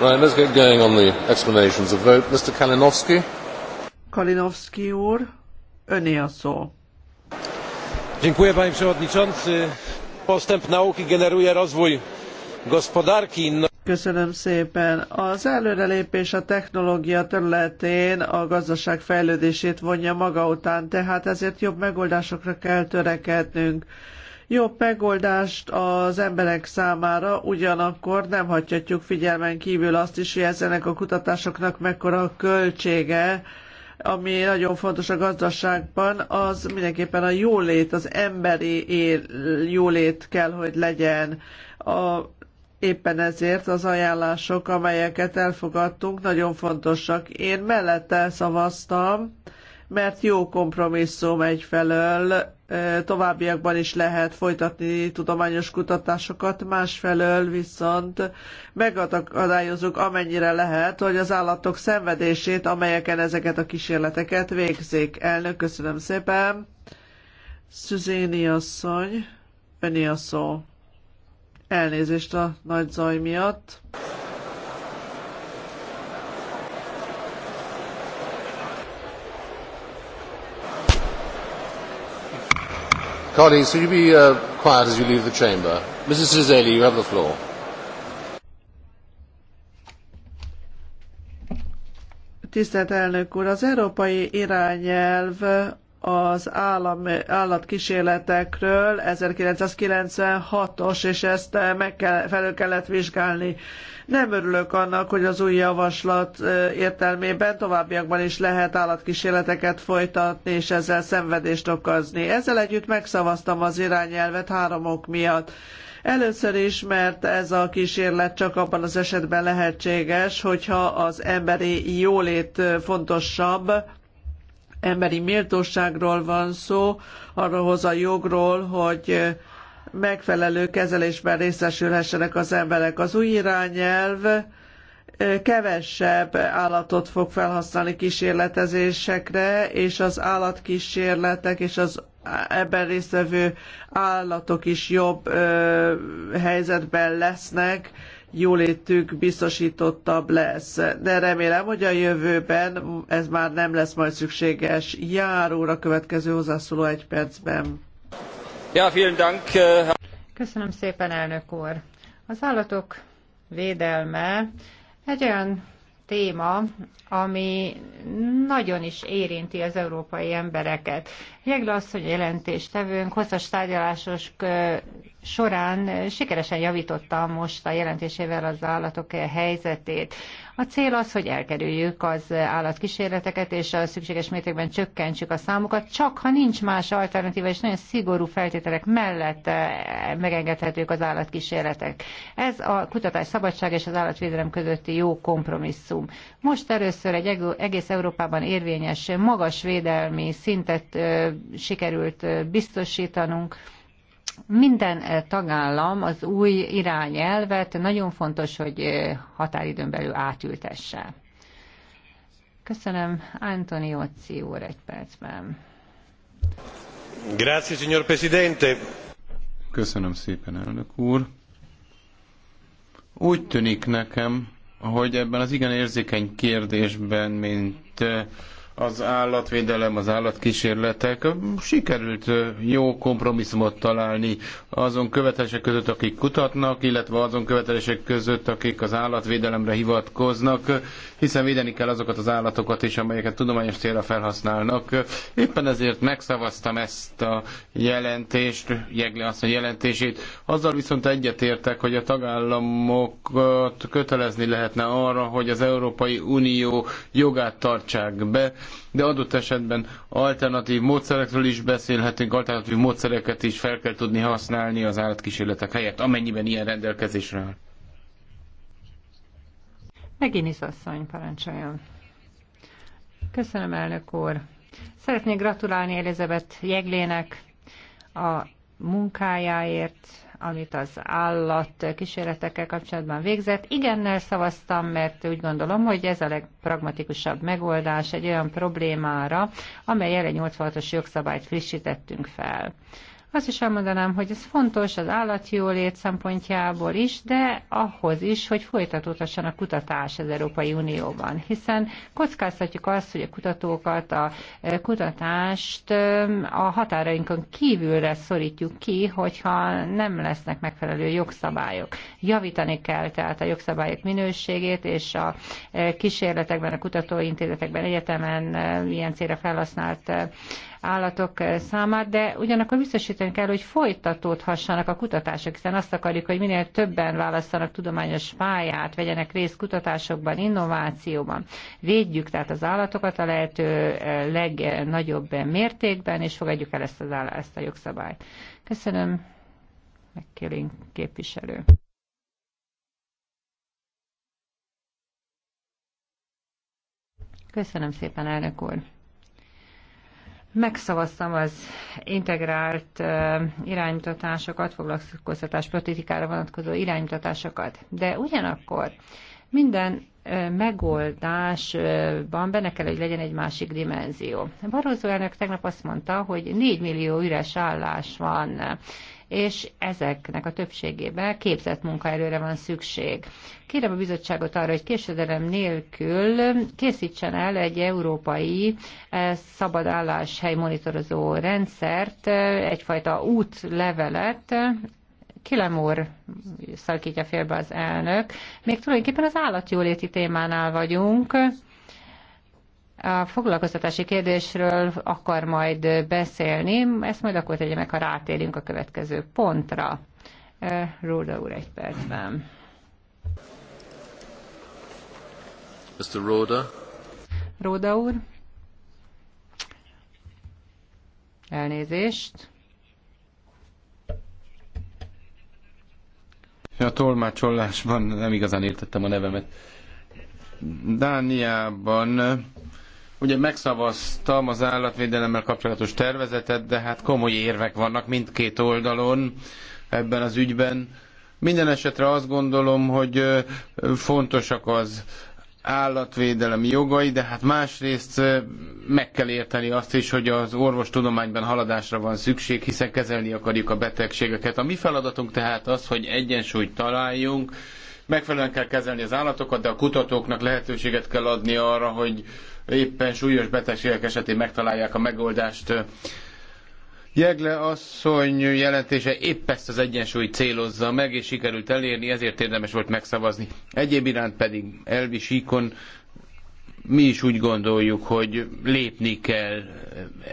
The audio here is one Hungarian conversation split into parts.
let's get going on the explanations of vote. Mr. Kalinowski. Kalinowski úr, öné a szó. Dziękuję panie przewodniczący. Postęp nauki generuje rozwój gospodarki. Köszönöm szépen. Az előrelépés a technológia területén a gazdaság fejlődését vonja maga után, tehát ezért jobb megoldásokra kell törekednünk jobb megoldást az emberek számára, ugyanakkor nem hagyhatjuk figyelmen kívül azt is, hogy ezenek a kutatásoknak mekkora a költsége, ami nagyon fontos a gazdaságban, az mindenképpen a jólét, az emberi él, jólét kell, hogy legyen. A, éppen ezért az ajánlások, amelyeket elfogadtunk, nagyon fontosak. Én mellette szavaztam, mert jó kompromisszum egyfelől, továbbiakban is lehet folytatni tudományos kutatásokat, másfelől viszont megadályozunk amennyire lehet, hogy az állatok szenvedését, amelyeken ezeket a kísérleteket végzik. Elnök, köszönöm szépen. Szüzéni asszony, öné a szó. Elnézést a nagy zaj miatt. Colleagues, you be uh, quiet as you leave the chamber? Mrs. Cizeli, you have the floor. Tisztelt elnök úr, az európai irányelv az állam, állatkísérletekről 1996-os, és ezt meg kell, felül kellett vizsgálni. Nem örülök annak, hogy az új javaslat értelmében továbbiakban is lehet állatkísérleteket folytatni, és ezzel szenvedést okozni. Ezzel együtt megszavaztam az irányelvet három ok miatt. Először is, mert ez a kísérlet csak abban az esetben lehetséges, hogyha az emberi jólét fontosabb, emberi méltóságról van szó, arról a jogról, hogy megfelelő kezelésben részesülhessenek az emberek. Az új irányelv kevesebb állatot fog felhasználni kísérletezésekre, és az állatkísérletek és az ebben résztvevő állatok is jobb helyzetben lesznek, jólétük biztosítottabb lesz. De remélem, hogy a jövőben ez már nem lesz majd szükséges. Járóra következő hozzászóló egy percben. Ja, vielen Dank. Eh, Köszönöm szépen, elnök úr. Az állatok védelme egy olyan téma, ami nagyon is érinti az európai embereket. Jegle asszony jelentéstevőnk hosszas tárgyalásos során eh, sikeresen javította most a jelentésével az állatok eh, helyzetét. A cél az, hogy elkerüljük az eh, állatkísérleteket, és a szükséges mértékben csökkentsük a számukat, csak ha nincs más alternatíva, és nagyon szigorú feltételek mellett megengedhetők az állatkísérletek. Ez a kutatás szabadság és az állatvédelem közötti jó kompromisszum. Most először egy egész Európában érvényes magas védelmi szintet sikerült biztosítanunk, minden eh, tagállam az új irányelvet nagyon fontos, hogy eh, határidőn belül átültesse. Köszönöm, Antonio Occi úr egy percben. Grazie, signor Presidente. Köszönöm szépen, elnök úr. Úgy tűnik nekem, hogy ebben az igen érzékeny kérdésben, mint eh, az állatvédelem, az állatkísérletek. Sikerült jó kompromisszumot találni azon követelések között, akik kutatnak, illetve azon követelések között, akik az állatvédelemre hivatkoznak, hiszen védeni kell azokat az állatokat is, amelyeket tudományos célra felhasználnak. Éppen ezért megszavaztam ezt a jelentést, Jegle azt a jelentését. Azzal viszont egyetértek, hogy a tagállamokat kötelezni lehetne arra, hogy az Európai Unió jogát tartsák be, de adott esetben alternatív módszerekről is beszélhetünk, alternatív módszereket is fel kell tudni használni az állatkísérletek helyett, amennyiben ilyen rendelkezésre áll. Megint asszony, parancsoljon. Köszönöm, elnök úr. Szeretnék gratulálni Elizabeth Jeglének a munkájáért, amit az állat kísérletekkel kapcsolatban végzett. Igennel szavaztam, mert úgy gondolom, hogy ez a legpragmatikusabb megoldás egy olyan problémára, amely egy 86-os jogszabályt frissítettünk fel. Azt is elmondanám, hogy ez fontos az állatjólét szempontjából is, de ahhoz is, hogy folytatódhasson a kutatás az Európai Unióban, hiszen kockáztatjuk azt, hogy a kutatókat, a e, kutatást e, a határainkon kívülre szorítjuk ki, hogyha nem lesznek megfelelő jogszabályok. Javítani kell tehát a jogszabályok minőségét, és a e, kísérletekben, a kutatóintézetekben, egyetemen ilyen célra felhasznált állatok eh, számát, de ugyanakkor biztosítani kell, hogy folytatódhassanak a kutatások, hiszen azt akarjuk, hogy minél többen választanak tudományos pályát, vegyenek részt kutatásokban, innovációban. Védjük tehát az állatokat a lehető eh, legnagyobb eh, mértékben, és fogadjuk el ezt, az áll- ezt a jogszabályt. Köszönöm, megkérünk képviselő. Köszönöm szépen, elnök úr. Megszavaztam az integrált iránymutatásokat, foglalkoztatás politikára vonatkozó iránymutatásokat, de ugyanakkor minden megoldásban benne kell, hogy legyen egy másik dimenzió. Barroso elnök tegnap azt mondta, hogy 4 millió üres állás van és ezeknek a többségében képzett munkaerőre van szükség. Kérem a bizottságot arra, hogy késedelem nélkül készítsen el egy európai eh, szabadálláshely monitorozó rendszert, eh, egyfajta útlevelet, úr szakítja félbe az elnök. Még tulajdonképpen az állatjóléti témánál vagyunk. A foglalkoztatási kérdésről akar majd beszélni, ezt majd akkor tegye meg, ha rátérünk a következő pontra. Róda úr egy percben. Mr. Róda. Róda úr. Elnézést. A tolmácsolásban nem igazán értettem a nevemet. Dániában Ugye megszavaztam az állatvédelemmel kapcsolatos tervezetet, de hát komoly érvek vannak mindkét oldalon ebben az ügyben. Minden esetre azt gondolom, hogy fontosak az állatvédelem jogai, de hát másrészt meg kell érteni azt is, hogy az orvostudományban haladásra van szükség, hiszen kezelni akarjuk a betegségeket. A mi feladatunk tehát az, hogy egyensúlyt találjunk, megfelelően kell kezelni az állatokat, de a kutatóknak lehetőséget kell adni arra, hogy éppen súlyos betegségek esetén megtalálják a megoldást. Jegle asszony jelentése épp ezt az egyensúlyt célozza meg, és sikerült elérni, ezért érdemes volt megszavazni. Egyéb iránt pedig Elvi Síkon mi is úgy gondoljuk, hogy lépni kell.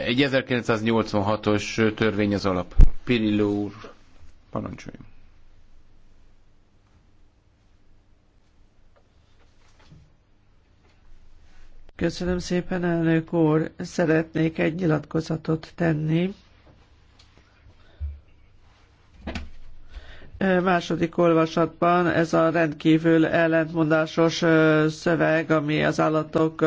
Egy 1986-os törvény az alap. Pirilló úr, parancsoljon. Köszönöm szépen, elnök úr. Szeretnék egy nyilatkozatot tenni. második olvasatban ez a rendkívül ellentmondásos szöveg, ami az állatok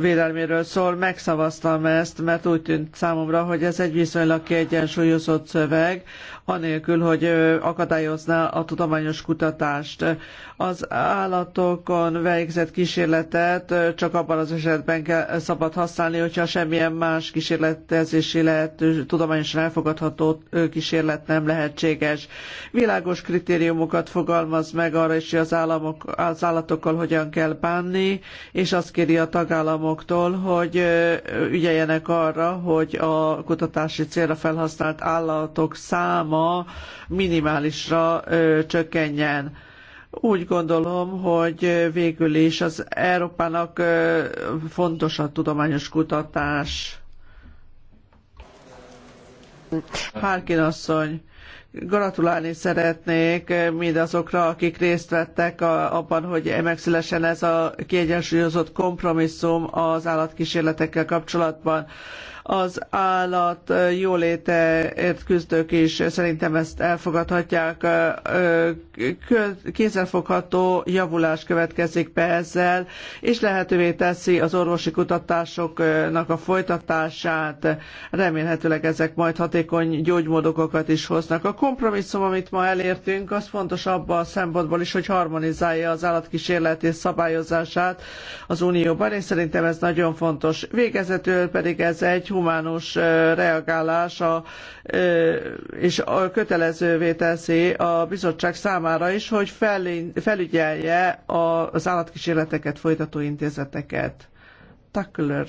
védelméről szól, megszavaztam ezt, mert úgy tűnt számomra, hogy ez egy viszonylag kiegyensúlyozott szöveg, anélkül, hogy akadályozná a tudományos kutatást. Az állatokon végzett kísérletet csak abban az esetben kell, szabad használni, hogyha semmilyen más kísérletezési lehet, tudományosan elfogadható kísérlet nem lehetséges világos kritériumokat fogalmaz meg arra is, hogy az, államok, az állatokkal hogyan kell bánni, és azt kéri a tagállamoktól, hogy ügyeljenek arra, hogy a kutatási célra felhasznált állatok száma minimálisra csökkenjen úgy gondolom, hogy végül is az Európának fontos a tudományos kutatás. Harkin asszony, gratulálni szeretnék mindazokra, akik részt vettek abban, hogy megszülesen ez a kiegyensúlyozott kompromisszum az állatkísérletekkel kapcsolatban az állat jóléteért küzdők is szerintem ezt elfogadhatják. Kézzelfogható javulás következik be ezzel, és lehetővé teszi az orvosi kutatásoknak a folytatását. Remélhetőleg ezek majd hatékony gyógymódokat is hoznak. A kompromisszum, amit ma elértünk, az fontos abban a szempontból is, hogy harmonizálja az állatkísérlet és szabályozását az Unióban, és szerintem ez nagyon fontos. Végezetül pedig ez egy humánus reagálás a, és a kötelezővé teszi a bizottság számára is, hogy felügyelje az állatkísérleteket folytató intézeteket. Tuckler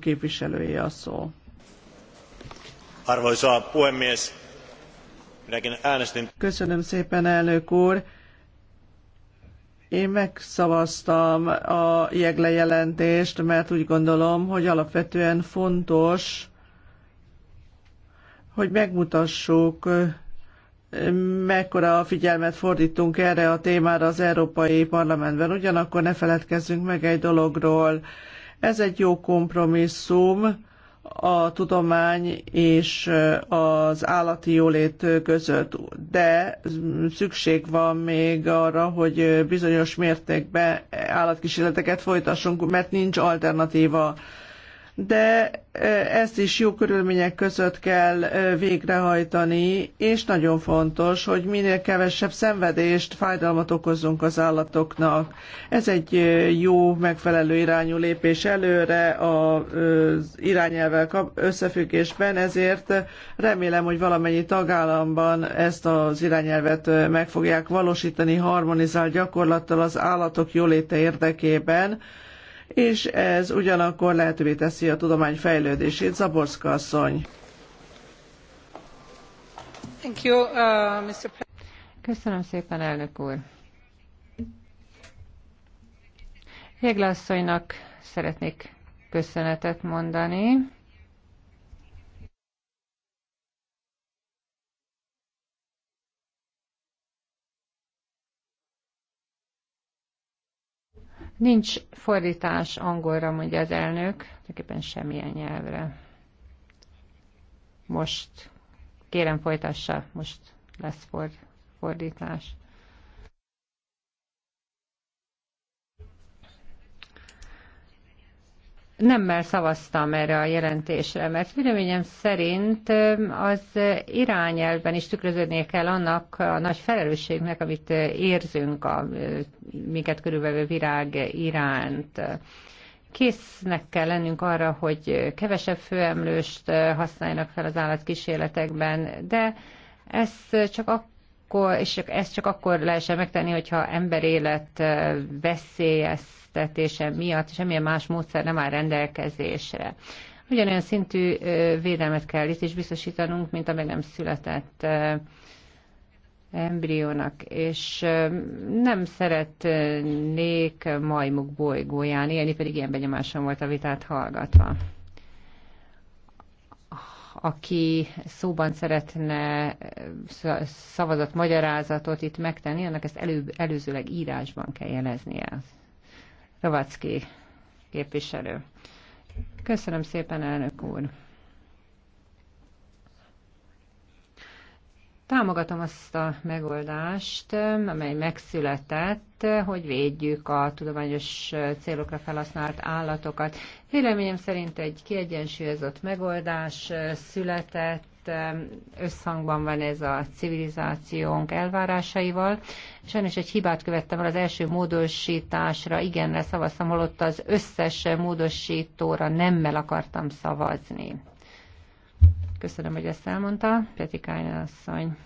képviselője a szó. Arvoisa puhemies, minäkin äänestin. Köszönöm szépen, elnök úr én megszavaztam a jegle jelentést, mert úgy gondolom, hogy alapvetően fontos, hogy megmutassuk, mekkora figyelmet fordítunk erre a témára az Európai Parlamentben. Ugyanakkor ne feledkezzünk meg egy dologról. Ez egy jó kompromisszum, a tudomány és az állati jólét között, de szükség van még arra, hogy bizonyos mértékben állatkísérleteket folytassunk, mert nincs alternatíva de ezt is jó körülmények között kell végrehajtani, és nagyon fontos, hogy minél kevesebb szenvedést, fájdalmat okozzunk az állatoknak. Ez egy jó, megfelelő irányú lépés előre az irányelvel összefüggésben, ezért remélem, hogy valamennyi tagállamban ezt az irányelvet meg fogják valósítani harmonizált gyakorlattal az állatok jóléte érdekében, és ez ugyanakkor lehetővé teszi a tudomány fejlődését. Zaborszka asszony. Thank you, uh, Mr. Köszönöm szépen, elnök úr. asszonynak szeretnék köszönetet mondani Nincs fordítás angolra, mondja az elnök, tulajdonképpen semmilyen nyelvre. Most, kérem folytassa, most lesz fordítás. nemmel szavaztam erre a jelentésre, mert véleményem szerint az irányelben is tükröződnie kell annak a nagy felelősségnek, amit érzünk a minket körülvevő virág iránt. Késznek kell lennünk arra, hogy kevesebb főemlőst használjanak fel az állatkísérletekben, de ez csak akkor, és ezt csak akkor lehessen megtenni, hogyha emberélet veszélyes veszélyeztetése miatt semmilyen más módszer nem áll rendelkezésre. Ugyanolyan szintű védelmet kell itt is biztosítanunk, mint a meg nem született embriónak, és nem szeretnék majmuk bolygóján élni, pedig ilyen benyomásom volt a vitát hallgatva. Aki szóban szeretne szavazat magyarázatot itt megtenni, annak ezt elő, előzőleg írásban kell jeleznie az Kovacki képviselő. Köszönöm szépen, elnök úr! Támogatom azt a megoldást, amely megszületett, hogy védjük a tudományos célokra felhasznált állatokat. Véleményem szerint egy kiegyensúlyozott megoldás született, összhangban van ez a civilizációnk elvárásaival. Sajnos egy hibát követtem el az első módosításra, Igen, szavaztam, holott az összes módosítóra nemmel akartam szavazni. Köszönöm, hogy ezt elmondta, Peti asszony.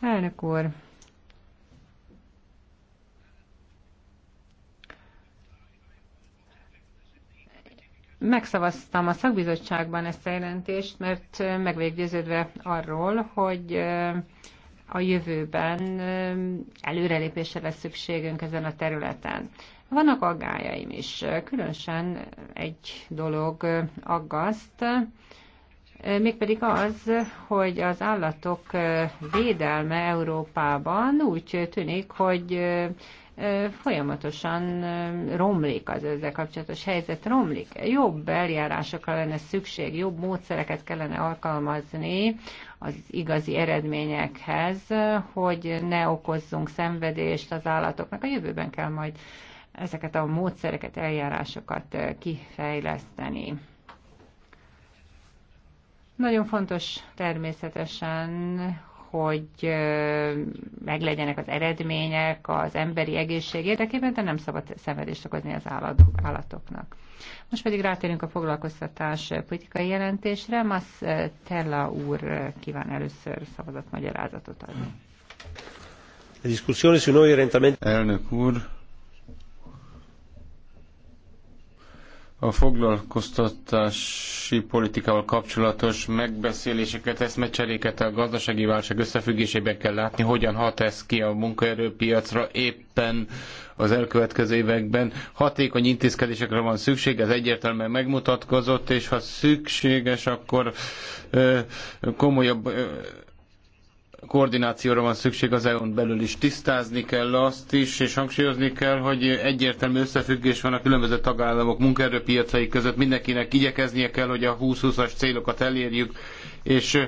Elnök úr, Megszavaztam a szakbizottságban ezt a jelentést, mert meg arról, hogy a jövőben előrelépésre lesz szükségünk ezen a területen. Vannak aggájaim is, különösen egy dolog aggaszt, mégpedig az, hogy az állatok védelme Európában úgy tűnik, hogy folyamatosan romlik az ezzel kapcsolatos helyzet, romlik. Jobb eljárásokra lenne szükség, jobb módszereket kellene alkalmazni az igazi eredményekhez, hogy ne okozzunk szenvedést az állatoknak. A jövőben kell majd ezeket a módszereket, eljárásokat kifejleszteni. Nagyon fontos természetesen, hogy meglegyenek az eredmények az emberi egészség érdekében, de nem szabad szenvedést okozni az állatoknak. Most pedig rátérünk a foglalkoztatás politikai jelentésre. Masz Tella úr kíván először szavazatmagyarázatot adni. Elnök úr, a foglalkoztatási politikával kapcsolatos megbeszéléseket, eszmecseréket a gazdasági válság összefüggésében kell látni, hogyan hat ez ki a munkaerőpiacra éppen az elkövetkező években. Hatékony intézkedésekre van szükség, ez egyértelműen megmutatkozott, és ha szükséges, akkor ö, komolyabb ö, koordinációra van szükség az EU-n belül is. Tisztázni kell azt is, és hangsúlyozni kell, hogy egyértelmű összefüggés van a különböző tagállamok munkaerőpiacai között. Mindenkinek igyekeznie kell, hogy a 20-20-as célokat elérjük, és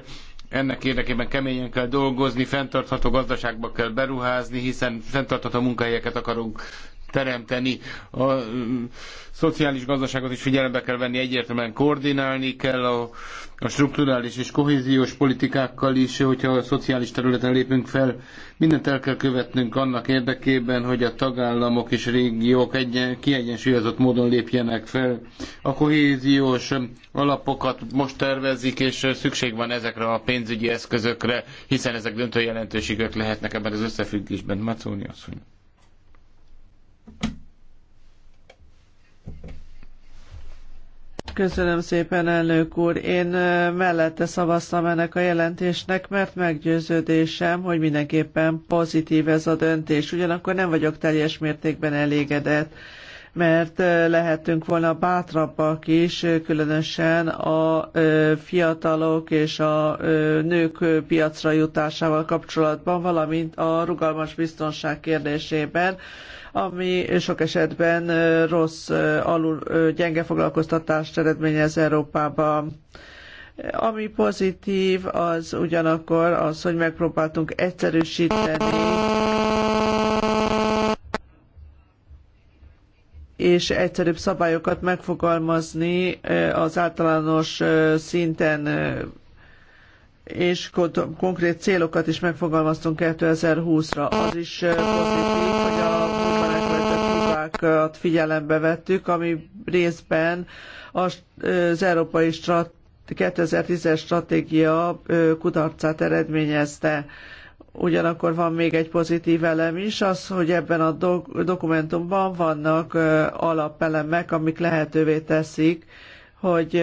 ennek érdekében keményen kell dolgozni, fenntartható gazdaságba kell beruházni, hiszen fenntartható munkahelyeket akarunk teremteni. A mm, szociális gazdaságot is figyelembe kell venni, egyértelműen koordinálni kell a, a strukturális és kohéziós politikákkal is, hogyha a szociális területen lépünk fel. Mindent el kell követnünk annak érdekében, hogy a tagállamok és régiók egyen, kiegyensúlyozott módon lépjenek fel. A kohéziós alapokat most tervezik, és szükség van ezekre a pénzügyi eszközökre, hiszen ezek döntő jelentőségek lehetnek ebben az összefüggésben. Macóni asszony. Köszönöm szépen, elnök úr. Én mellette szavaztam ennek a jelentésnek, mert meggyőződésem, hogy mindenképpen pozitív ez a döntés. Ugyanakkor nem vagyok teljes mértékben elégedett mert lehetünk volna bátrabbak is, különösen a fiatalok és a nők piacra jutásával kapcsolatban, valamint a rugalmas biztonság kérdésében, ami sok esetben rossz, alul, gyenge foglalkoztatást eredményez Európában. Ami pozitív, az ugyanakkor az, hogy megpróbáltunk egyszerűsíteni és egyszerűbb szabályokat megfogalmazni az általános szinten, és konkrét célokat is megfogalmaztunk 2020-ra. Az is pozitív, hogy a példákat figyelembe vettük, ami részben az európai strat 2010-es stratégia kudarcát eredményezte. Ugyanakkor van még egy pozitív elem is, az, hogy ebben a dokumentumban vannak alapelemek, amik lehetővé teszik, hogy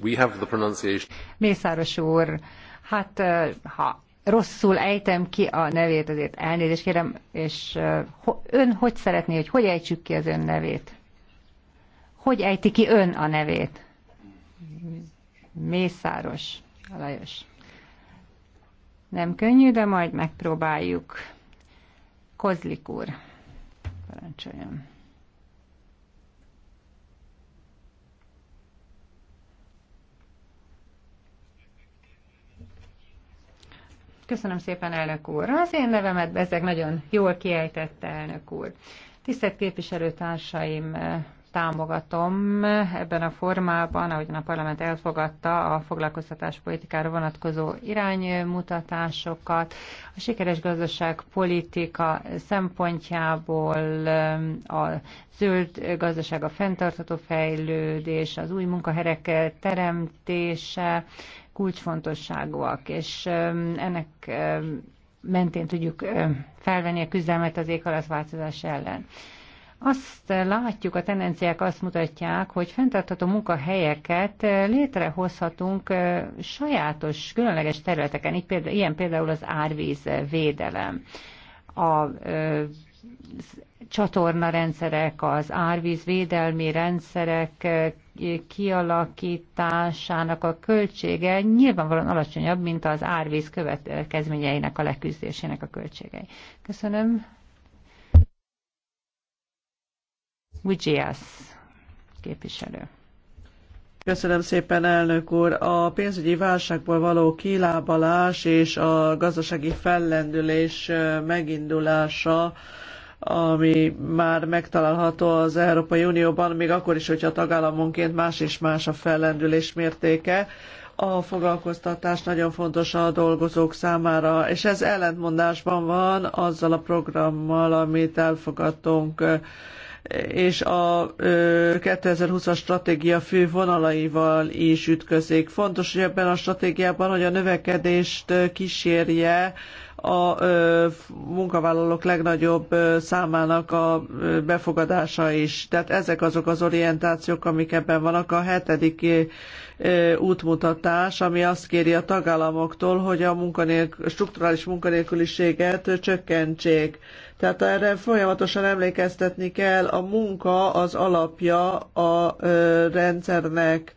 We have the pronunciation. Mészáros úr, hát ha rosszul ejtem ki a nevét, azért elnézést kérem, és ön hogy szeretné, hogy hogy ejtsük ki az ön nevét? Hogy ejti ki ön a nevét? Mészáros Lajos. Nem könnyű, de majd megpróbáljuk. Kozlik úr, parancsoljon. Köszönöm szépen, elnök úr. Az én nevemet ezek nagyon jól kiejtette, elnök úr. Tisztelt képviselőtársaim, eh, támogatom ebben a formában, ahogyan a parlament elfogadta a foglalkoztatás politikára vonatkozó iránymutatásokat. A sikeres gazdaságpolitika szempontjából eh, a zöld gazdaság, a fenntartható fejlődés, az új munkahelyek teremtése, kulcsfontosságúak, és ennek mentén tudjuk felvenni a küzdelmet az éghajlatváltozás ellen. Azt látjuk, a tendenciák azt mutatják, hogy fenntartható munkahelyeket létrehozhatunk sajátos, különleges területeken, így például, ilyen például az árvíz védelem, a csatornarendszerek, az árvíz védelmi rendszerek kialakításának a költsége nyilvánvalóan alacsonyabb, mint az árvíz következményeinek a leküzdésének a költségei. Köszönöm. Ugyiász képviselő. Köszönöm szépen, elnök úr. A pénzügyi válságból való kilábalás és a gazdasági fellendülés megindulása ami már megtalálható az Európai Unióban, még akkor is, hogyha tagállamonként más és más a fellendülés mértéke. A foglalkoztatás nagyon fontos a dolgozók számára, és ez ellentmondásban van azzal a programmal, amit elfogadtunk és a 2020-as stratégia fő vonalaival is ütközik. Fontos, hogy ebben a stratégiában, hogy a növekedést kísérje a munkavállalók legnagyobb számának a befogadása is. Tehát ezek azok az orientációk, amik ebben vannak. A hetedik útmutatás, ami azt kéri a tagállamoktól, hogy a munkanélkül, strukturális munkanélküliséget csökkentsék. Tehát erre folyamatosan emlékeztetni kell, a munka az alapja a rendszernek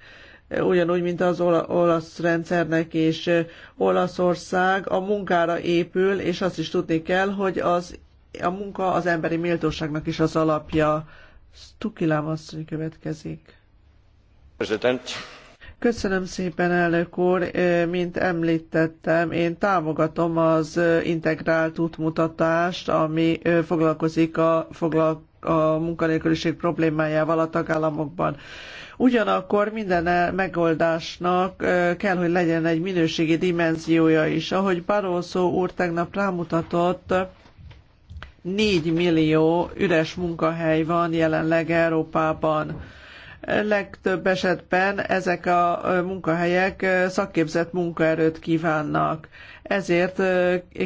ugyanúgy, mint az olasz rendszernek és Olaszország a munkára épül, és azt is tudni kell, hogy az, a munka az emberi méltóságnak is az alapja. Stukilám asszony következik. President. Köszönöm szépen, elnök úr. Mint említettem, én támogatom az integrált útmutatást, ami foglalkozik a, foglalk a munkanélküliség problémájával a tagállamokban. Ugyanakkor minden megoldásnak kell, hogy legyen egy minőségi dimenziója is. Ahogy Barroso úr tegnap rámutatott, 4 millió üres munkahely van jelenleg Európában legtöbb esetben ezek a munkahelyek szakképzett munkaerőt kívánnak. Ezért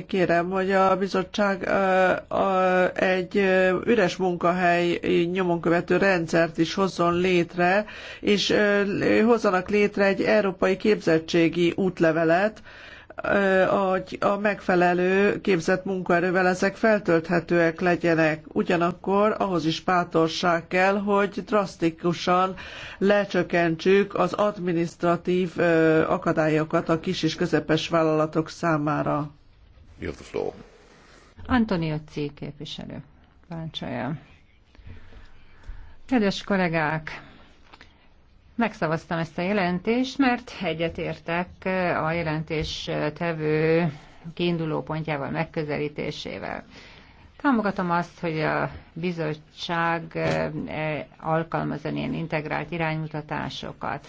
kérem, hogy a bizottság egy üres munkahely nyomonkövető rendszert is hozzon létre, és hozzanak létre egy európai képzettségi útlevelet, a, a megfelelő képzett munkaerővel ezek feltölthetőek legyenek. Ugyanakkor ahhoz is bátorság kell, hogy drasztikusan lecsökkentsük az administratív akadályokat a kis és közepes vállalatok számára. Jövő Antonio C. képviselő. Báncsolja. Kedves kollégák! Megszavaztam ezt a jelentést, mert egyetértek a jelentés tevő kiinduló pontjával, megközelítésével. Támogatom azt, hogy a bizottság eh, alkalmazzon ilyen integrált iránymutatásokat.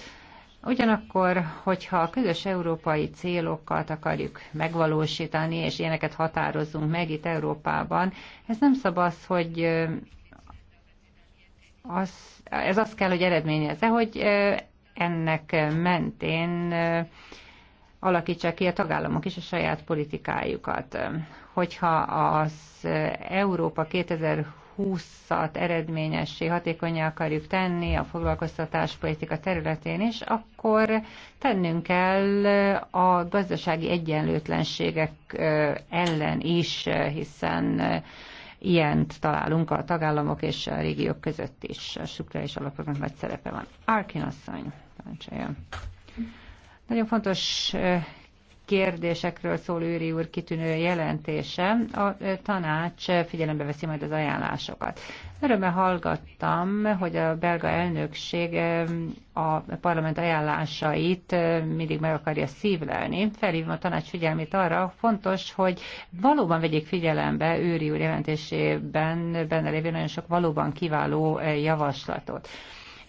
Ugyanakkor, hogyha a közös európai célokat akarjuk megvalósítani, és ilyeneket határozzunk meg itt Európában, ez nem szabad, hogy eh, az, ez azt kell, hogy eredményezze, hogy ennek mentén alakítsák ki a tagállamok is a saját politikájukat. Hogyha az Európa 2020-at eredményessé, hatékonyá akarjuk tenni a foglalkoztatáspolitika területén is, akkor tennünk kell a gazdasági egyenlőtlenségek ellen is, hiszen Ilyent találunk a tagállamok és a régiók között is. A struktúrális alapoknak nagy szerepe van. Arkin asszony, Nagyon fontos kérdésekről szól Őri úr kitűnő jelentése. A tanács figyelembe veszi majd az ajánlásokat. Örömmel hallgattam, hogy a belga elnökség a parlament ajánlásait mindig meg akarja szívlelni. Felhívom a tanács figyelmét arra, fontos, hogy valóban vegyék figyelembe Őri úr jelentésében benne lévő nagyon sok valóban kiváló javaslatot.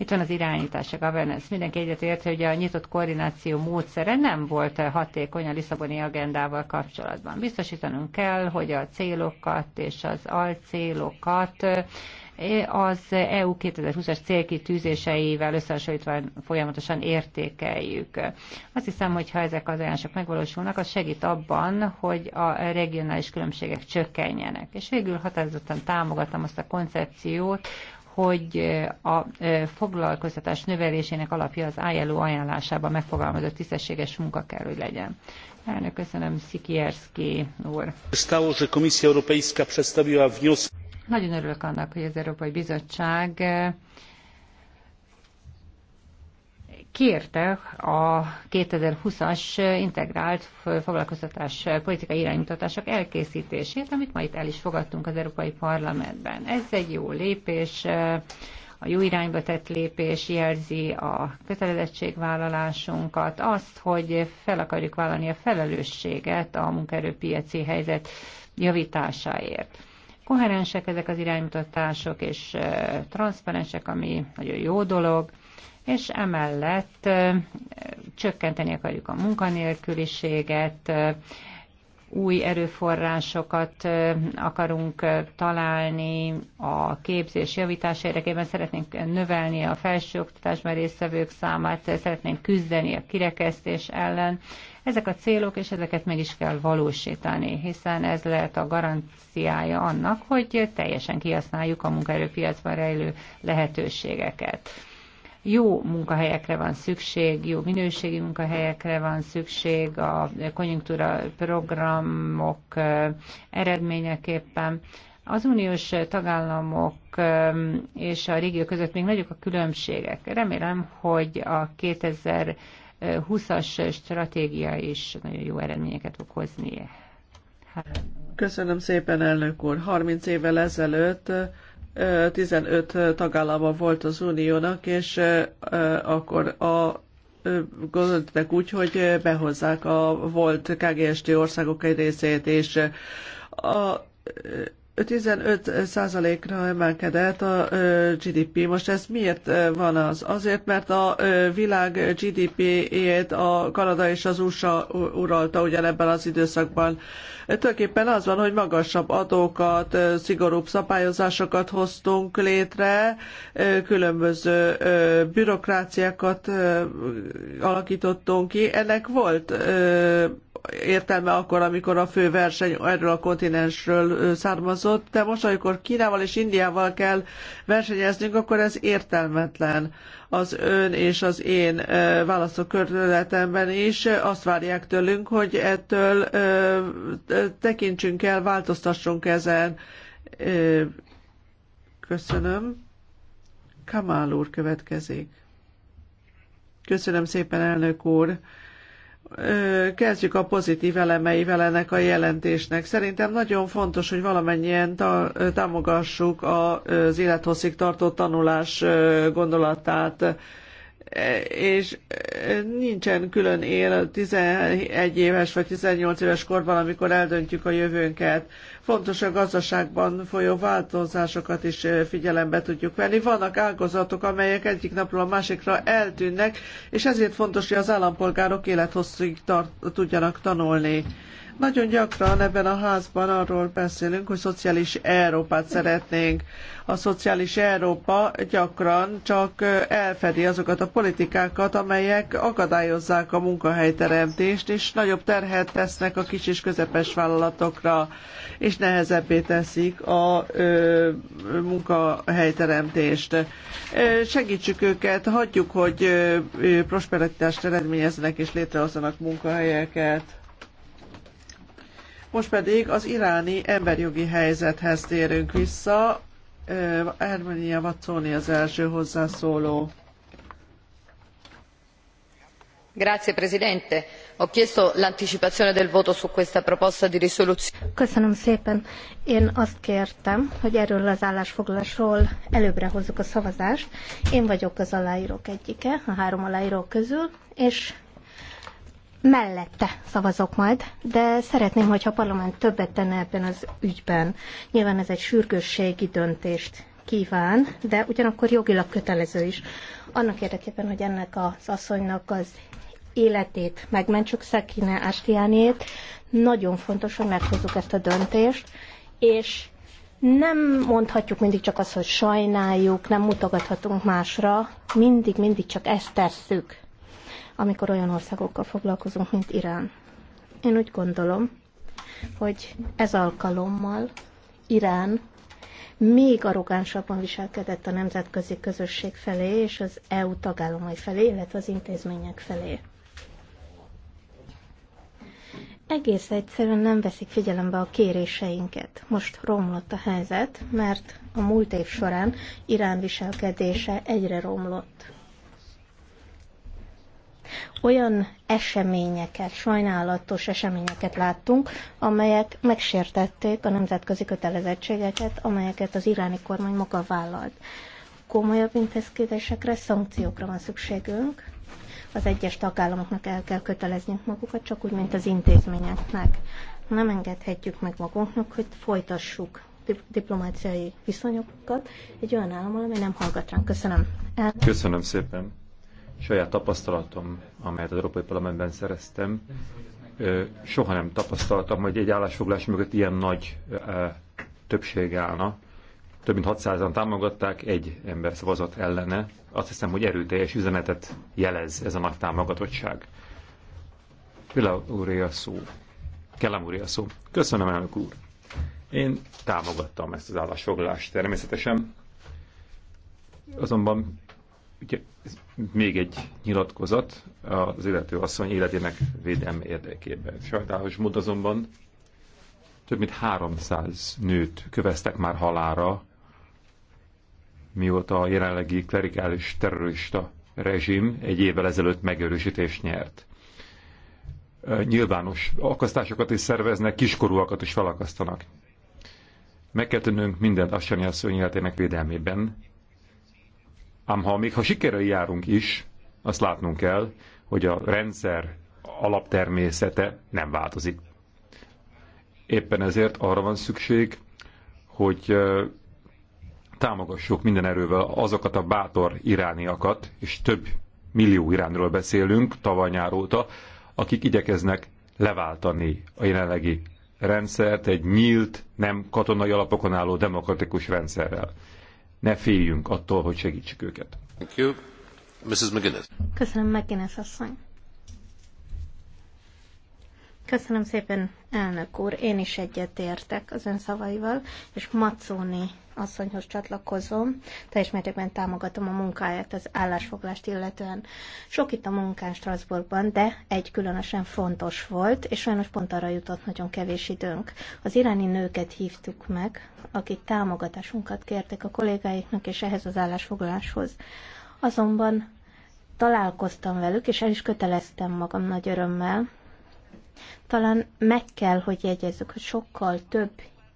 Itt van az irányítás, a governance. Mindenki egyetért, hogy a nyitott koordináció módszere nem volt hatékony a Lisszaboni agendával kapcsolatban. Biztosítanunk kell, hogy a célokat és az alcélokat eh, az EU 2020-as célkitűzéseivel összehasonlítva folyamatosan értékeljük. Azt hiszem, hogy ha ezek az ajánlások megvalósulnak, az segít abban, hogy a regionális különbségek csökkenjenek. És végül határozottan támogatom azt a koncepciót, hogy a e, foglalkoztatás növelésének alapja az ILO ajánlásában megfogalmazott tisztességes munka kell, hogy legyen. Elnök, köszönöm, Szikierszki úr. Stało, że Komisja Europejska przedstawiła wniosek. Nagyon örülök annak, hogy az Európai Bizottság e, kérte a 2020-as integrált foglalkoztatás politikai iránymutatások elkészítését, amit ma itt el is fogadtunk az Európai Parlamentben. Ez egy jó lépés, a jó irányba tett lépés jelzi a kötelezettségvállalásunkat, azt, hogy fel akarjuk vállalni a felelősséget a munkaerőpiaci helyzet javításáért koherensek ezek az iránymutatások, és eh, transzparensek, ami nagyon jó dolog és emellett csökkenteni akarjuk a munkanélküliséget, új erőforrásokat akarunk találni, a képzés javítás érdekében szeretnénk növelni a felsőoktatásban résztvevők számát, szeretnénk küzdeni a kirekesztés ellen. Ezek a célok, és ezeket meg is kell valósítani, hiszen ez lehet a garanciája annak, hogy teljesen kihasználjuk a munkaerőpiacban rejlő lehetőségeket jó munkahelyekre van szükség, jó minőségi munkahelyekre van szükség a konjunktúra programok eredményeképpen. Az uniós tagállamok és a régió között még nagyok a különbségek. Remélem, hogy a 2020-as stratégia is nagyon jó eredményeket fog hozni. Hát- Köszönöm szépen, elnök úr. 30 évvel ezelőtt 15 tagállama volt az uniónak, és akkor a gondolták úgy, hogy behozzák a volt KGST országok egy részét, és a 15%-ra emelkedett a GDP. Most ez miért van az? Azért, mert a világ GDP-jét a Kanada és az USA uralta ugyanebben az időszakban. Tulajdonképpen az van, hogy magasabb adókat, szigorúbb szabályozásokat hoztunk létre, különböző bürokráciákat alakítottunk ki. Ennek volt értelme akkor, amikor a fő verseny erről a kontinensről származott, de most, amikor Kínával és Indiával kell versenyeznünk, akkor ez értelmetlen. Az ön és az én választókörületemben is azt várják tőlünk, hogy ettől tekintsünk el, változtassunk ezen. Köszönöm. Kamál úr következik. Köszönöm szépen, elnök úr kezdjük a pozitív elemeivel ennek a jelentésnek. Szerintem nagyon fontos, hogy valamennyien támogassuk az élethosszig tartó tanulás gondolatát és nincsen külön él 11 éves vagy 18 éves korban, amikor eldöntjük a jövőnket. Fontos a gazdaságban folyó változásokat is figyelembe tudjuk venni. Vannak ágazatok, amelyek egyik napról a másikra eltűnnek, és ezért fontos, hogy az állampolgárok élethosszig tar- tudjanak tanulni nagyon gyakran ebben a házban arról beszélünk, hogy szociális Európát szeretnénk. A szociális Európa gyakran csak elfedi azokat a politikákat, amelyek akadályozzák a munkahelyteremtést, és nagyobb terhet tesznek a kis és közepes vállalatokra, és nehezebbé teszik a ö, munkahelyteremtést. segítsük őket, hagyjuk, hogy prosperitást eredményeznek és létrehozzanak munkahelyeket. Most pedig az iráni emberjogi helyzethez térünk vissza. Ermenia Vacconi az első hozzászóló. Grazie Presidente. Ho chiesto l'anticipazione del voto su questa proposta di risoluzione. Köszönöm szépen. Én azt kértem, hogy erről az állásfoglalásról előbbre hozzuk a szavazást. Én vagyok az aláírók egyike, a három aláíró közül, és mellette szavazok majd, de szeretném, hogyha a parlament többet tenne ebben az ügyben. Nyilván ez egy sürgősségi döntést kíván, de ugyanakkor jogilag kötelező is. Annak érdekében, hogy ennek az asszonynak az életét megmentsük, Szekine Ástiániét, nagyon fontos, hogy meghozzuk ezt a döntést, és nem mondhatjuk mindig csak azt, hogy sajnáljuk, nem mutogathatunk másra, mindig, mindig csak ezt tesszük amikor olyan országokkal foglalkozunk, mint Irán. Én úgy gondolom, hogy ez alkalommal Irán még arrogánsabban viselkedett a nemzetközi közösség felé és az EU tagállamai felé, illetve az intézmények felé. Egész egyszerűen nem veszik figyelembe a kéréseinket. Most romlott a helyzet, mert a múlt év során Irán viselkedése egyre romlott. Olyan eseményeket, sajnálatos eseményeket láttunk, amelyek megsértették a nemzetközi kötelezettségeket, amelyeket az iráni kormány maga vállalt. Komolyabb intézkedésekre, szankciókra van szükségünk, az egyes tagállamoknak el kell kötelezniük magukat, csak úgy, mint az intézményeknek. Nem engedhetjük meg magunknak, hogy folytassuk diplomáciai viszonyokat egy olyan állammal, ami nem hallgat ránk. Köszönöm. El... Köszönöm szépen saját tapasztalatom, amelyet az Európai Parlamentben szereztem, soha nem tapasztaltam, hogy egy állásfoglás mögött ilyen nagy többség állna. Több mint 600-an támogatták, egy ember szavazott ellene. Azt hiszem, hogy erőteljes üzenetet jelez ez a nagy támogatottság. Vila a szó. Kellem a szó. Köszönöm, elnök úr. Én támogattam ezt az állásfoglást természetesen. Azonban Ugye, ez még egy nyilatkozat az illető asszony életének védelme érdekében. Sajnálatos mód azonban több mint 300 nőt köveztek már halára, mióta a jelenlegi klerikális terrorista rezsim egy évvel ezelőtt megerősítést nyert. Nyilvános akasztásokat is szerveznek, kiskorúakat is felakasztanak. Meg kell tennünk mindent Assani asszony életének védelmében, Ám ha még ha sikerrel járunk is, azt látnunk kell, hogy a rendszer alaptermészete nem változik. Éppen ezért arra van szükség, hogy támogassuk minden erővel azokat a bátor irániakat, és több millió iránról beszélünk tavaly óta, akik igyekeznek leváltani a jelenlegi rendszert egy nyílt, nem katonai alapokon álló demokratikus rendszerrel ne féljünk attól, hogy segítsük őket. Thank you. Mrs. McGuinness. Köszönöm, McGuinness asszony. Köszönöm szépen, elnök úr. Én is egyetértek az ön szavaival, és Macóni asszonyhoz csatlakozom, teljes mértékben támogatom a munkáját az állásfoglást illetően. Sok itt a munkán Strasbourgban, de egy különösen fontos volt, és sajnos pont arra jutott nagyon kevés időnk. Az iráni nőket hívtuk meg, akik támogatásunkat kértek a kollégáiknak, és ehhez az állásfoglaláshoz. Azonban találkoztam velük, és el is köteleztem magam nagy örömmel, talán meg kell, hogy jegyezzük, hogy sokkal több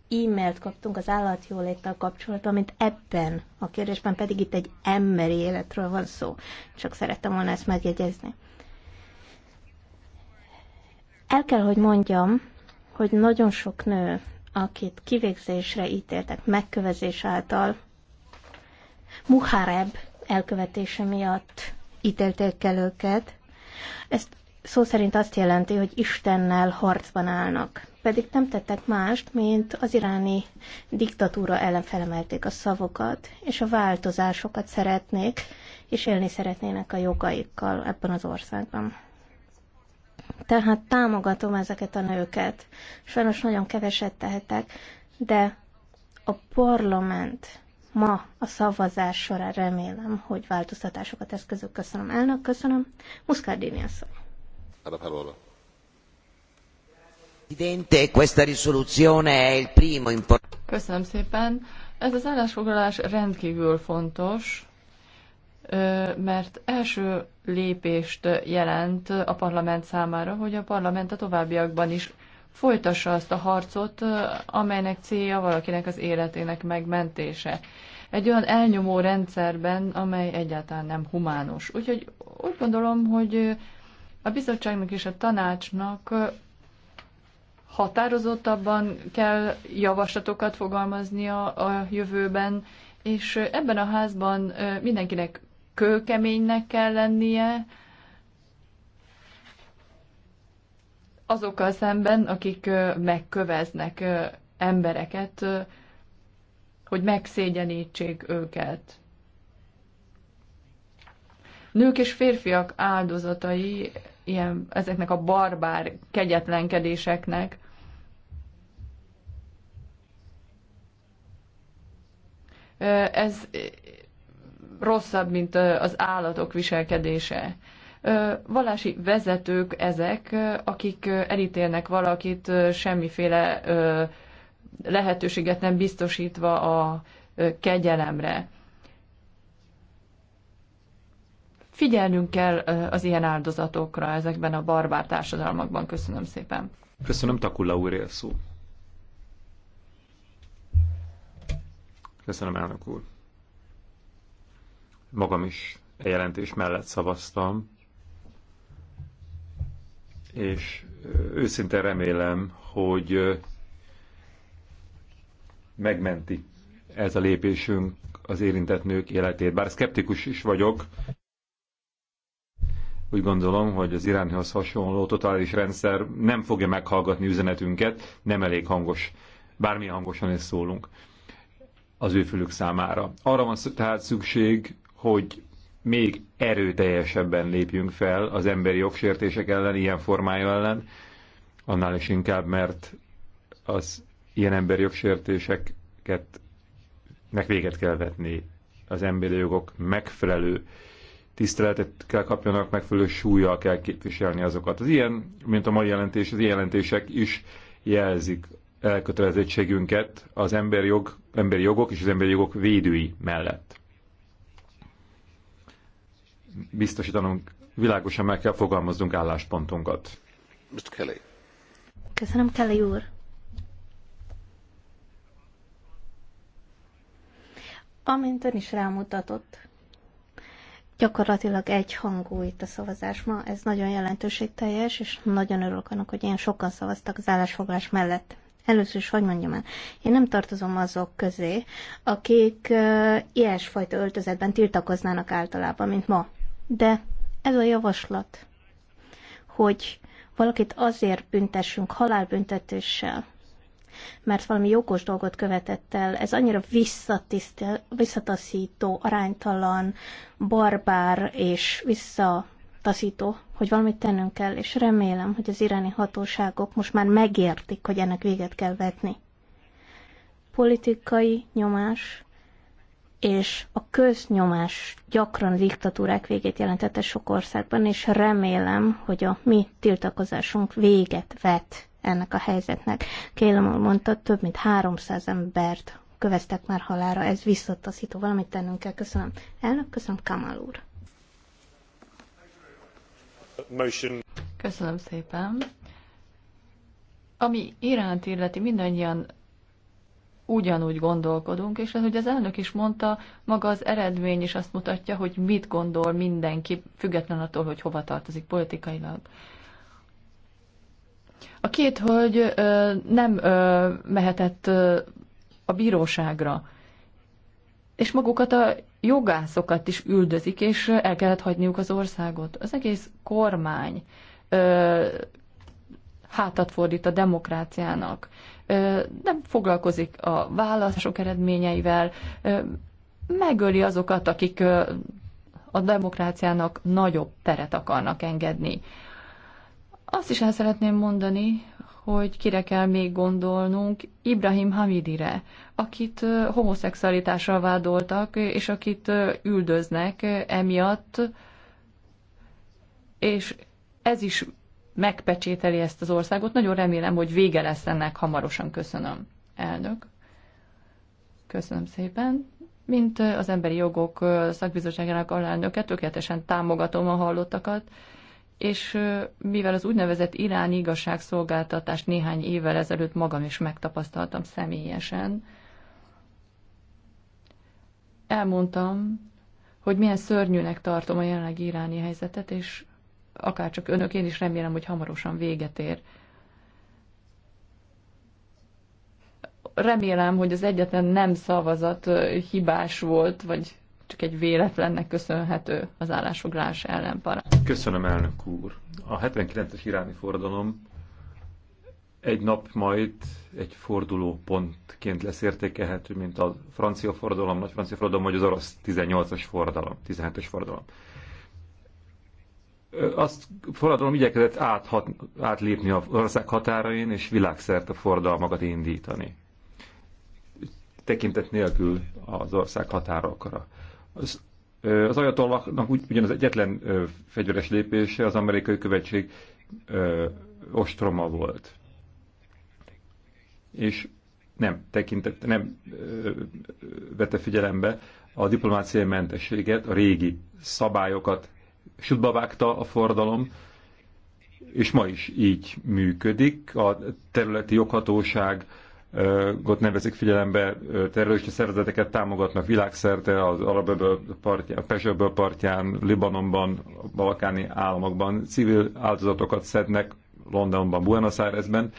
e-mailt kaptunk az állatjóléttel kapcsolatban, mint ebben a kérdésben, pedig itt egy emberi életről van szó. Csak szerettem volna ezt megjegyezni. El kell, hogy mondjam, hogy nagyon sok nő, akit kivégzésre ítéltek megkövezés által, Muhareb elkövetése miatt ítélték el őket. Ezt szó szerint azt jelenti, hogy Istennel harcban állnak. Pedig nem tettek mást, mint az iráni diktatúra ellen felemelték a szavokat, és a változásokat szeretnék, és élni szeretnének a jogaikkal ebben az országban. Tehát támogatom ezeket a nőket. Sajnos nagyon keveset tehetek, de a parlament ma a szavazás során remélem, hogy változtatásokat eszközök. Köszönöm elnök, köszönöm. Muszkárdini asszony. Köszönöm szépen. Ez az állásfoglalás rendkívül fontos, mert első lépést jelent a parlament számára, hogy a parlament a továbbiakban is folytassa azt a harcot, amelynek célja valakinek az életének megmentése. Egy olyan elnyomó rendszerben, amely egyáltalán nem humános. Úgyhogy úgy gondolom, hogy a bizottságnak és a tanácsnak határozottabban kell javaslatokat fogalmaznia a jövőben, és ebben a házban mindenkinek kőkeménynek kell lennie, azokkal szemben, akik megköveznek embereket, hogy megszégyenítsék őket. Nők és férfiak áldozatai ilyen, ezeknek a barbár kegyetlenkedéseknek. Ez rosszabb, mint az állatok viselkedése. Valási vezetők ezek, akik elítélnek valakit semmiféle lehetőséget nem biztosítva a kegyelemre. Figyelnünk kell az ilyen áldozatokra ezekben a barbár társadalmakban. Köszönöm szépen. Köszönöm, Takulla úr, szó. Köszönöm, elnök úr. Magam is e jelentés mellett szavaztam, és őszintén remélem, hogy megmenti ez a lépésünk az érintett nők életét. Bár szkeptikus is vagyok, úgy gondolom, hogy az Iránhoz hasonló totális rendszer nem fogja meghallgatni üzenetünket, nem elég hangos, bármilyen hangosan is szólunk az ő fülük számára. Arra van tehát szükség, hogy még erőteljesebben lépjünk fel az emberi jogsértések ellen, ilyen formája ellen, annál is inkább, mert az ilyen emberi jogsértéseket nek véget kell vetni az emberi jogok megfelelő tiszteletet kell kapjanak, megfelelő súlyjal kell képviselni azokat. Az ilyen, mint a mai jelentés, az ilyen jelentések is jelzik elkötelezettségünket az emberi, jog, emberi jogok és az emberi jogok védői mellett. Biztosítanunk, világosan meg kell fogalmaznunk álláspontunkat. Mr. Kelly. Köszönöm, Kelly úr. Amint ön is rámutatott, gyakorlatilag egy hangú itt a szavazás ma. Ez nagyon jelentőségteljes, és nagyon örülök annak, hogy ilyen sokan szavaztak az állásfoglás mellett. Először is, hogy mondjam el, én nem tartozom azok közé, akik uh, ilyesfajta öltözetben tiltakoznának általában, mint ma. De ez a javaslat, hogy valakit azért büntessünk halálbüntetéssel, mert valami jókos dolgot követett el. Ez annyira visszataszító, aránytalan, barbár és visszataszító, hogy valamit tennünk kell, és remélem, hogy az iráni hatóságok most már megértik, hogy ennek véget kell vetni. Politikai nyomás és a köznyomás gyakran diktatúrák végét jelentette sok országban, és remélem, hogy a mi tiltakozásunk véget vet ennek a helyzetnek. Kélem mondta, több mint 300 embert köveztek már halára, ez visszataszító, valamit tennünk kell. Köszönöm. Elnök, köszönöm, Kamal úr. Köszönöm szépen. Ami iránt illeti, mindannyian ugyanúgy gondolkodunk, és ahogy az elnök is mondta, maga az eredmény is azt mutatja, hogy mit gondol mindenki, független attól, hogy hova tartozik politikailag. A két hölgy nem mehetett a bíróságra, és magukat a jogászokat is üldözik, és el kellett hagyniuk az országot. Az egész kormány hátat fordít a demokráciának, nem foglalkozik a választások eredményeivel, megöli azokat, akik a demokráciának nagyobb teret akarnak engedni. Azt is el szeretném mondani, hogy kire kell még gondolnunk, Ibrahim Hamidire, akit homoszexualitással vádoltak, és akit üldöznek emiatt, és ez is megpecsételi ezt az országot. Nagyon remélem, hogy vége lesz ennek hamarosan. Köszönöm, elnök. Köszönöm szépen. Mint az Emberi Jogok Szakbizottságának alelnöke, tökéletesen támogatom a hallottakat és mivel az úgynevezett iráni igazságszolgáltatást néhány évvel ezelőtt magam is megtapasztaltam személyesen, elmondtam, hogy milyen szörnyűnek tartom a jelenlegi iráni helyzetet, és akárcsak önök, én is remélem, hogy hamarosan véget ér. Remélem, hogy az egyetlen nem szavazat hibás volt, vagy csak egy véletlennek köszönhető az állásfoglalás ellenpara. Köszönöm, elnök úr. A 79-es iráni forradalom egy nap majd egy forduló pontként lesz értékelhető, mint a francia forradalom, nagy francia forradalom, vagy az orosz 18-as forradalom, 17-es forradalom. Azt forradalom igyekezett áthat, átlépni a ország határain, és világszerte forradalmakat indítani. Tekintet nélkül az ország határokra. Az, az ajatollaknak ugyanaz egyetlen fegyveres lépése az amerikai követség ostroma volt. És nem tekintett, nem ö, vette figyelembe a diplomáciai mentességet, a régi szabályokat sütba vágta a fordalom, és ma is így működik. A területi joghatóság ott nevezik figyelembe, terrorista szervezeteket támogatnak világszerte az arab partján, Pezsőből partján, Libanonban, balkáni államokban, civil áldozatokat szednek Londonban, Buenos Airesben,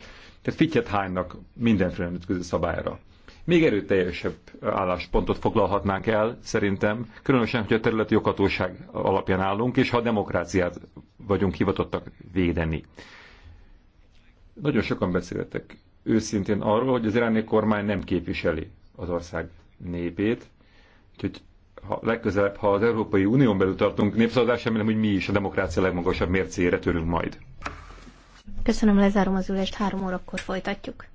tehát fityet hánynak mindenféle nemzetközi szabályra. Még erőteljesebb álláspontot foglalhatnánk el, szerintem, különösen, hogy a területi joghatóság alapján állunk, és ha a demokráciát vagyunk hivatottak védeni. Nagyon sokan beszéltek őszintén arról, hogy az iráni kormány nem képviseli az ország népét. Úgyhogy ha legközelebb, ha az Európai Unión belül tartunk népszavazást, remélem, hogy mi is a demokrácia legmagasabb mércéjére törünk majd. Köszönöm, lezárom az ülést, három órakor folytatjuk.